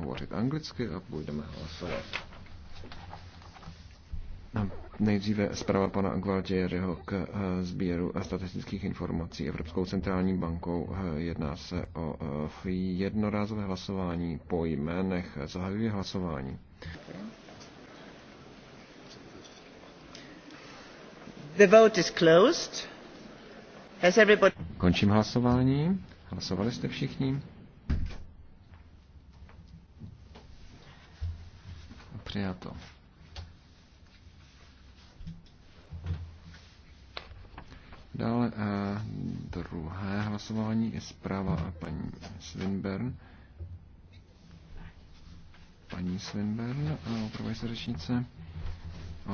hovořit anglicky a půjdeme hlasovat. Nejdříve zpráva pana Gualtieriho k eh, sběru statistických informací Evropskou centrální bankou. Eh, jedná se o eh, jednorázové hlasování po jménech. Zahajuje hlasování. The vote is closed. Has everybody... Končím hlasování. Hlasovali jste všichni? Přijato. Dále eh, druhé hlasování je zpráva paní Swinburne. Paní Swinburne, eh, opravuje se řečnice,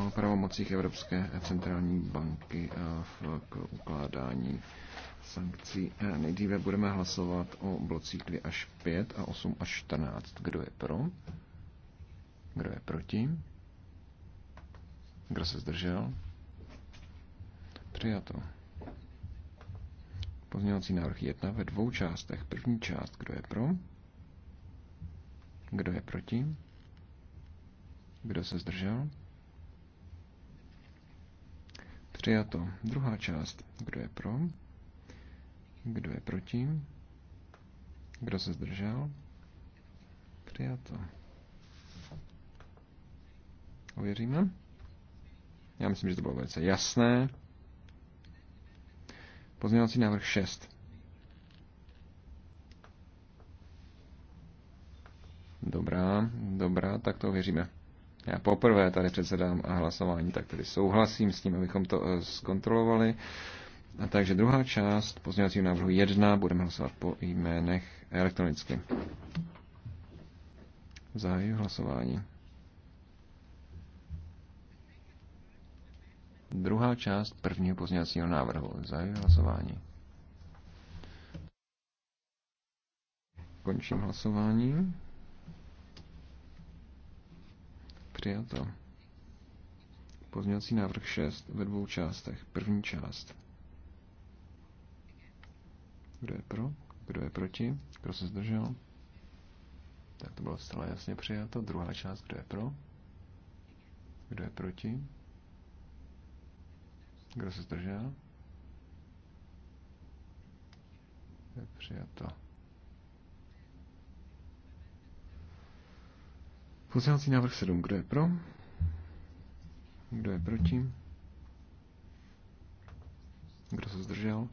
o pravomocích Evropské centrální banky eh, v, k ukládání sankcí. Eh, nejdříve budeme hlasovat o blocích 2 až 5 a 8 až 14. Kdo je pro? Kdo je proti? Kdo se zdržel? Přijato. Pozměňovací návrh 1 ve dvou částech. První část, kdo je pro? Kdo je proti? Kdo se zdržel? Přijato. Druhá část. Kdo je pro? Kdo je proti? Kdo se zdržel? Přijato. Ověříme. Já myslím, že to bylo velice jasné. Pozměňovací návrh 6. Dobrá, dobrá, tak to ověříme. Já poprvé tady předsedám a hlasování, tak tedy souhlasím s tím, abychom to eh, zkontrolovali. A takže druhá část pozměňovacího návrhu 1 budeme hlasovat po jménech elektronicky. Zahajuji hlasování. Druhá část prvního pozměňovacího návrhu. Zahajuji hlasování. Končím hlasování. Přijato. Pozměňovací návrh 6 ve dvou částech. První část. Kdo je pro? Kdo je proti? Kdo se zdržel? Tak to bylo zcela jasně přijato. Druhá část, kdo je pro? Kdo je proti? Kdo se zdržel? Je přijato. Pozměňovací návrh 7. Kdo je pro? Kdo je proti? Kdo se zdržel?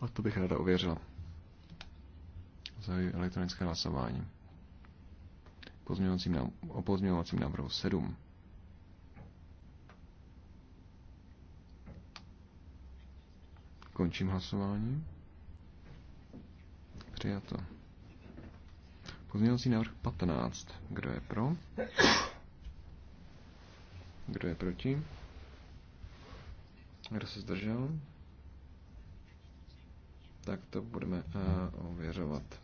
A to bych ráda ověřila. Zahajuji elektronické hlasování. Pozměňovacím, o pozměňovacím návrhu 7. Končím hlasování. Přijato. Pozměňovací návrh 15. Kdo je pro? Kdo je proti? Kdo se zdržel? Tak to budeme uh, ověřovat.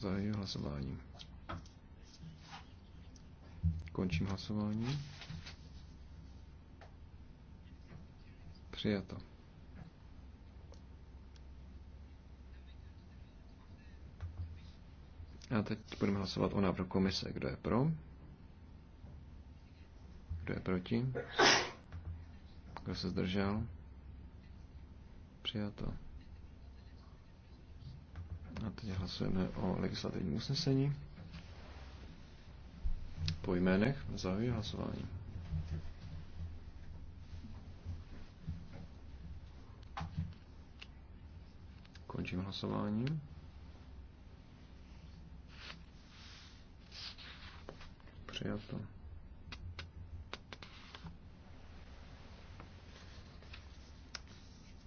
Zahajuji hlasování. Končím hlasování. Přijato. A teď budeme hlasovat o návrhu komise. Kdo je pro? Kdo je proti? Kdo se zdržel? Přijato. A teď hlasujeme o legislativním usnesení. Po jménech zahajuji hlasování. dalším hlasování. Přijato.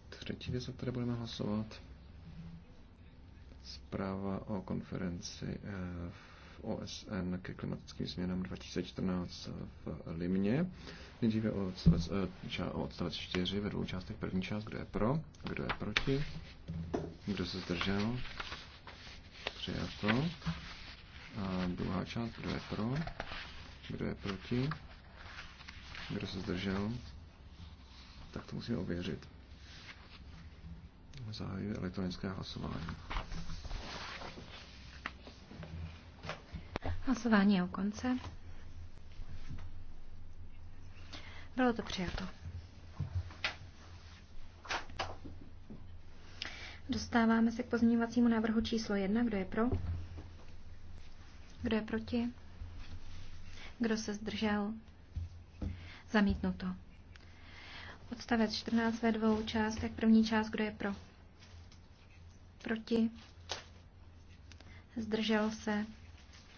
Třetí věc, o které budeme hlasovat, zpráva o konferenci eh, v OSN ke klimatickým změnám 2014 v Limně. Nejdříve o odstavec, eh, o odstavec 4 ve dvou částech. První část, kdo je pro, kdo je proti, kdo se zdržel, přijato. A druhá část, kdo je pro, kdo je proti, kdo se zdržel, tak to musíme ověřit. Zahajuji elektronické hlasování. Hlasování je u konce. Bylo to přijato. Dostáváme se k pozměňovacímu návrhu číslo 1. Kdo je pro? Kdo je proti? Kdo se zdržel? Zamítnuto. Odstavec 14 ve dvou Jak První část, kdo je pro? Proti? Zdržel se?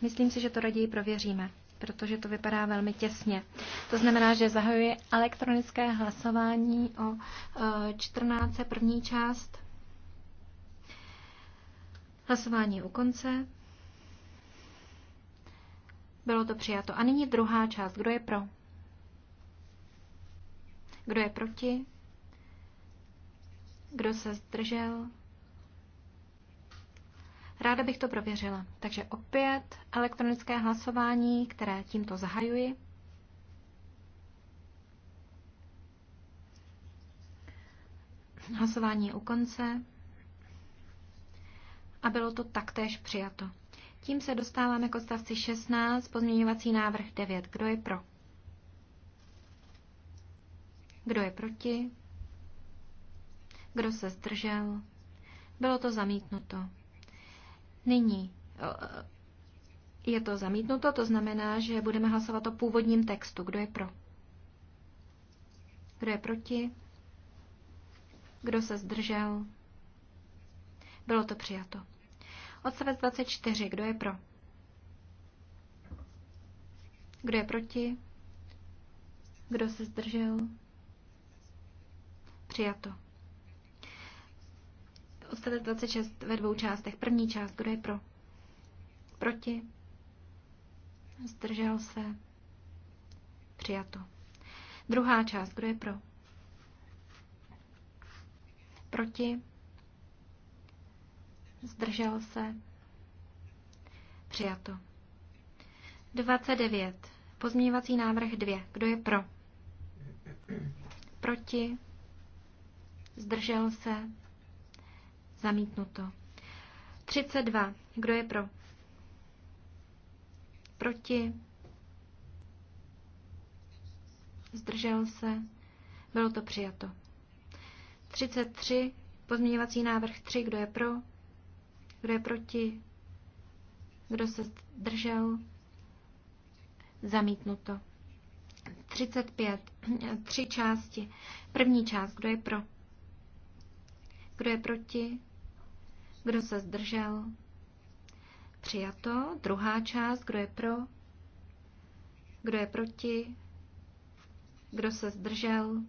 Myslím si, že to raději prověříme, protože to vypadá velmi těsně. To znamená, že zahajuje elektronické hlasování o 14. E, první část. Hlasování u konce. Bylo to přijato. A nyní druhá část. Kdo je pro? Kdo je proti? Kdo se zdržel? Ráda bych to prověřila. Takže opět elektronické hlasování, které tímto zahajuji. Hlasování je u konce a bylo to taktéž přijato. Tím se dostáváme k odstavci 16, pozměňovací návrh 9. Kdo je pro? Kdo je proti? Kdo se zdržel? Bylo to zamítnuto. Nyní eh, je to zamítnuto, to znamená, že budeme hlasovat o původním textu. Kdo je pro? Kdo je proti? Kdo se zdržel? Bylo to přijato. Odstavec 24. Kdo je pro? Kdo je proti? Kdo se zdržel? Přijato odstavec 26 ve dvou částech. První část, kdo je pro? Proti? Zdržel se? Přijato. Druhá část, kdo je pro? Proti? Zdržel se? Přijato. 29. Pozměňovací návrh 2. Kdo je pro? Proti? Zdržel se? Zamítnuto. 32. Kdo je pro? Proti? Zdržel se? Bylo to přijato. 33. Pozměňovací návrh 3. Kdo je pro? Kdo je proti? Kdo se zdržel? Zamítnuto. 35. Tři části. První část. Kdo je pro? Kdo je proti? Kdo se zdržel? Přijato. Druhá část. Kdo je pro? Kdo je proti? Kdo se zdržel?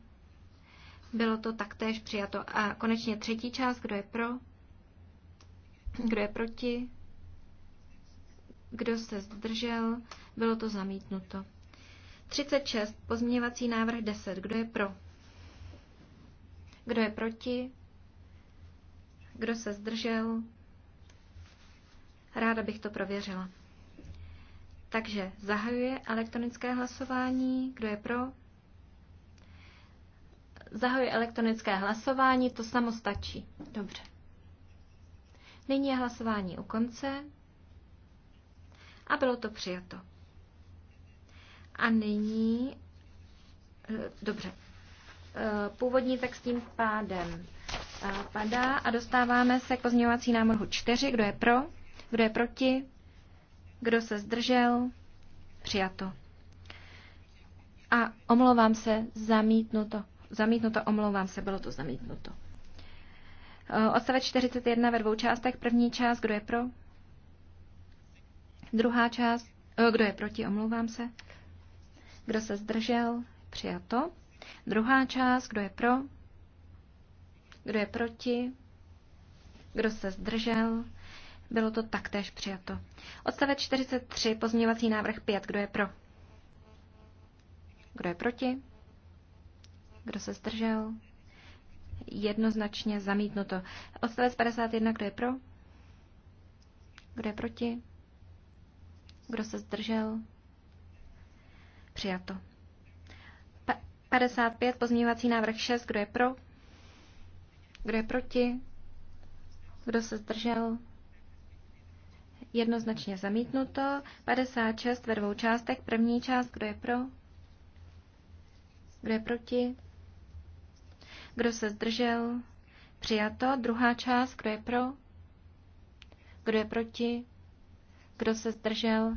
Bylo to taktéž přijato. A konečně třetí část. Kdo je pro? Kdo je proti? Kdo se zdržel? Bylo to zamítnuto. 36. Pozměňovací návrh 10. Kdo je pro? Kdo je proti? Kdo se zdržel? Ráda bych to prověřila. Takže zahajuje elektronické hlasování. Kdo je pro? Zahajuje elektronické hlasování, to samo stačí. Dobře. Nyní je hlasování u konce a bylo to přijato. A nyní, eh, dobře, eh, původní text tím pádem padá a dostáváme se k pozměňovací námrhu 4. Kdo je pro? Kdo je proti? Kdo se zdržel? Přijato. A omlouvám se, zamítnuto. Zamítnuto, omlouvám se, bylo to zamítnuto. E, odstavec 41 ve dvou částech. První část, kdo je pro? Druhá část, e, kdo je proti, omlouvám se. Kdo se zdržel? Přijato. Druhá část, kdo je pro? Kdo je proti? Kdo se zdržel? Bylo to taktéž přijato. Odstavec 43, pozměňovací návrh 5. Kdo je pro? Kdo je proti? Kdo se zdržel? Jednoznačně zamítnuto. Odstavec 51, kdo je pro? Kdo je proti? Kdo se zdržel? Přijato. 55, pozměňovací návrh 6, kdo je pro? Kdo je proti? Kdo se zdržel? Jednoznačně zamítnuto. 56 ve dvou částech. První část, kdo je pro? Kdo je proti? Kdo se zdržel? Přijato. Druhá část, kdo je pro? Kdo je proti? Kdo se zdržel?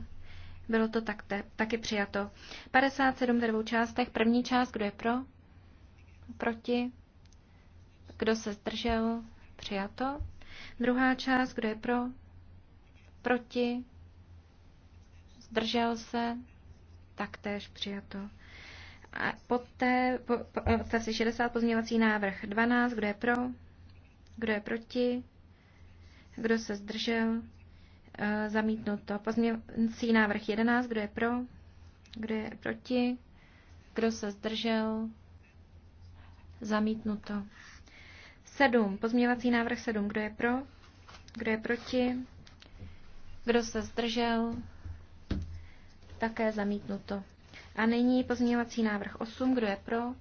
Bylo to tak te, taky přijato. 57 ve dvou částech. První část, kdo je pro? Proti? Kdo se zdržel? Přijato. Druhá část, kdo je pro? Proti? Zdržel se? Taktéž přijato. A poté, po, po, eh, odstavci 60, pozměňovací návrh 12, kdo je pro? Kdo je proti? Kdo se zdržel? E, zamítnuto. Pozměňovací návrh 11, kdo je pro? Kdo je proti? Kdo se zdržel? Zamítnuto. 7. Pozměňovací návrh 7. Kdo je pro? Kdo je proti? Kdo se zdržel? Také zamítnuto. A nyní pozměňovací návrh 8. Kdo je pro?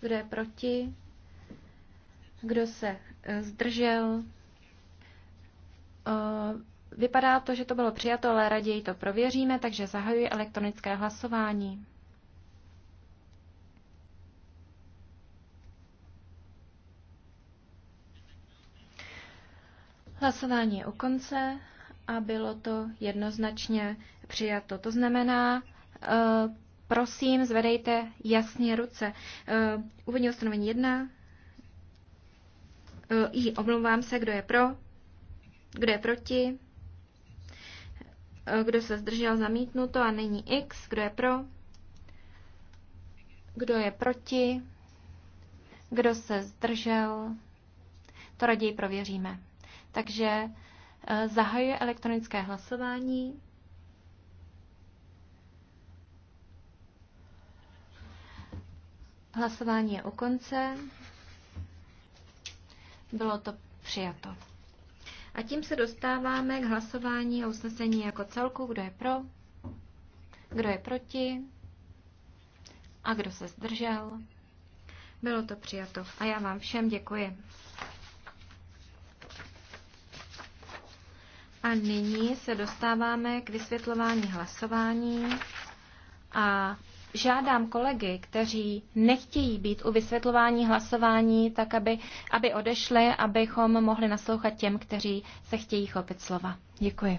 Kdo je proti? Kdo se eh, zdržel? Eh, vypadá to, že to bylo přijato, ale raději to prověříme, takže zahajuji elektronické hlasování. Hlasování je u konce a bylo to jednoznačně přijato. To znamená, eh, prosím, zvedejte jasně ruce. Eh, úvodní ustanovení 1. Eh, I omlouvám se, kdo je pro, kdo je proti, kdo se zdržel zamítnuto a není X, kdo je pro, kdo je proti, kdo se zdržel, to raději prověříme. Takže eh, zahajuje elektronické hlasování. Hlasování je u konce. Bylo to přijato. A tím se dostáváme k hlasování o usnesení jako celku. Kdo je pro? Kdo je proti? A kdo se zdržel? Bylo to přijato. A já vám všem děkuji. A nyní se dostáváme k vysvětlování hlasování a žádám kolegy, kteří nechtějí být u vysvětlování hlasování, tak aby, aby odešli, abychom mohli naslouchat těm, kteří se chtějí chopit slova. Děkuji.